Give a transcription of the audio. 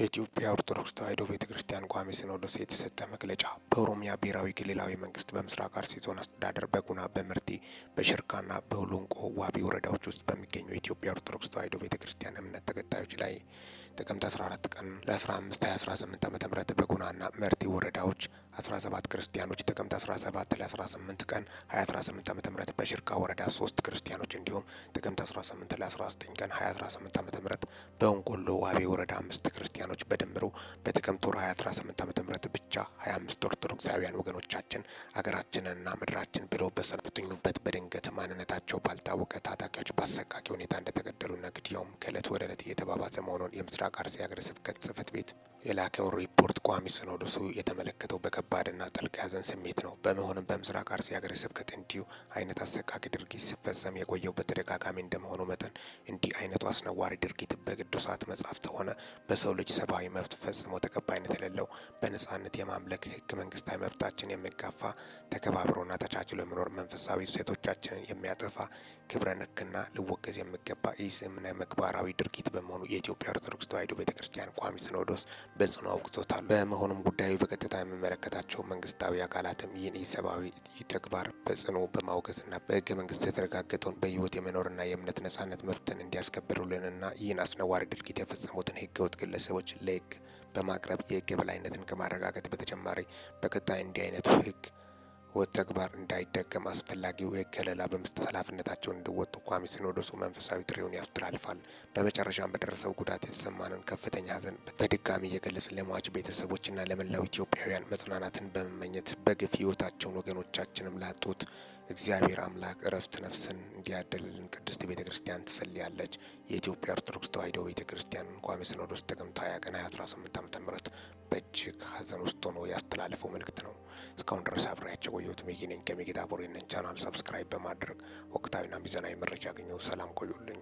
ከኢትዮጵያ ኦርቶዶክስ ተዋሕዶ ቤተ ክርስቲያን ቋሚ ሲኖዶስ የተሰጠ መግለጫ በኦሮሚያ ብሔራዊ ክልላዊ መንግስት በምስራቅ አርሲ ዞን አስተዳደር በጉና በምርቲ በሽርካና በሁሉንቆ ዋቢ ወረዳዎች ውስጥ በሚገኙ የኢትዮጵያ ኦርቶዶክስ ተዋሕዶ ቤተ ክርስቲያን እምነት ተከታዮች ላይ ጥቅምት 14 ቀን ለ15 2018 ዓ ም በጉናና መርቲ ወረዳዎች 17 ክርስቲያኖች ጥቅምት 17 ለ18 ቀን 2018 ዓ ም በሽርካ ወረዳ 3 ክርስቲያኖች እንዲሁም ጥቅምት 18 ላይ 19 ቀን 2018 ዓ.ም በእንቆሎ ዋቤ ወረዳ አምስት ክርስቲያኖች በድምሩ በጥቅምት ወር 2018 ዓ.ም ብቻ 25 ኦርቶዶክሳውያን ወገኖቻችን አገራችንንና ምድራችን ብለው በሰልፍ በድንገት ማንነታቸው ባልታወቀ ታጣቂዎች በአሰቃቂ ሁኔታ እንደተገደሉና ግድያውም ከእለት ወደ እለት እየተባባሰ መሆኑን የምስራቅ አርሲ ሀገረ ስብከት ጽሕፈት ቤት የላከውን ሪፖርት ቋሚ ሲኖዶሱ የተመለከተው በከባድና ጥልቅ ያዘን ስሜት ነው። በመሆኑም በምስራቅ አርሲ ሀገረ ስብከት እንዲሁ አይነት አሰቃቂ ድርጊት ሲፈጸም የቆየው በተደጋጋሚ እንደመሆኑ መጠን እንዲህ አይነቱ አስነዋሪ ድርጊት በቅዱሳት መጻሕፍት ሆነ በሰው ልጅ ሰብአዊ መብት ፈጽሞ ተቀባይነት የሌለው በነጻነት የማምለክ ህገ መንግስታዊ መብታችን የሚጋፋ ተከባብሮና ተቻችሎ የመኖር መንፈሳዊ እሴቶቻችንን የሚያጠፋ ግብረ ነክና ልወገዝ የሚገባ ኢስምነ ምግባራዊ ድርጊት በመሆኑ የኢትዮጵያ ኦርቶዶክስ ተዋሕዶ ቤተ ክርስቲያን ቋሚ ሲኖዶስ በጽኑ አውግዞታል። በመሆኑም ጉዳዩ በቀጥታ የሚመለከታቸው መንግስታዊ አካላትም ይህን ኢሰብአዊ ተግባር በጽኑ በማውገዝና በህገ መንግስቱ የተረጋገጠውን በህይወት የመኖርና የእምነት ነጻነት መብትን እንዲያስከብሩልንና ይህን አስነዋሪ ድርጊት የፈጸሙትን ህገወጥ ግለሰቦች ለህግ በማቅረብ የህግ የበላይነትን ከማረጋገጥ በተጨማሪ በቀጣይ እንዲህ አይነቱ ህግ ወት ተግባር እንዳይደገም አስፈላጊው የህግ ከለላ በመስጠት ኃላፊነታቸውን እንዲወጡ ቋሚ ሲኖዶሱ መንፈሳዊ ጥሪውን ያስተላልፋል። በመጨረሻም በደረሰው ጉዳት የተሰማንን ከፍተኛ ሐዘን በተደጋሚ እየገለጽን ለሟች ቤተሰቦችና ለመላው ኢትዮጵያውያን መጽናናትን በመመኘት በግፍ ህይወታቸውን ወገኖቻችንም ላጡት እግዚአብሔር አምላክ እረፍት ነፍስን እንዲያደልልን ቅድስት ቤተ ክርስቲያን ትጸልያለች። የኢትዮጵያ ኦርቶዶክስ ተዋሕዶ ቤተ ክርስቲያን ቋሚ ሲኖዶስ ጥቅምት 20 ቀን 2018 ዓ ም በእጅግ ሐዘን ውስጥ ሆኖ ያስተላለፈው መልእክት ነው። እስካሁን ድረስ አብሬያቸው ቆየሁት። ሚኪ ነኝ ከሚኪታ ቦሬ ነኝ። ቻናል ሰብስክራይብ በማድረግ ወቅታዊና ሚዛናዊ መረጃ ያገኘው። ሰላም ቆዩልኝ።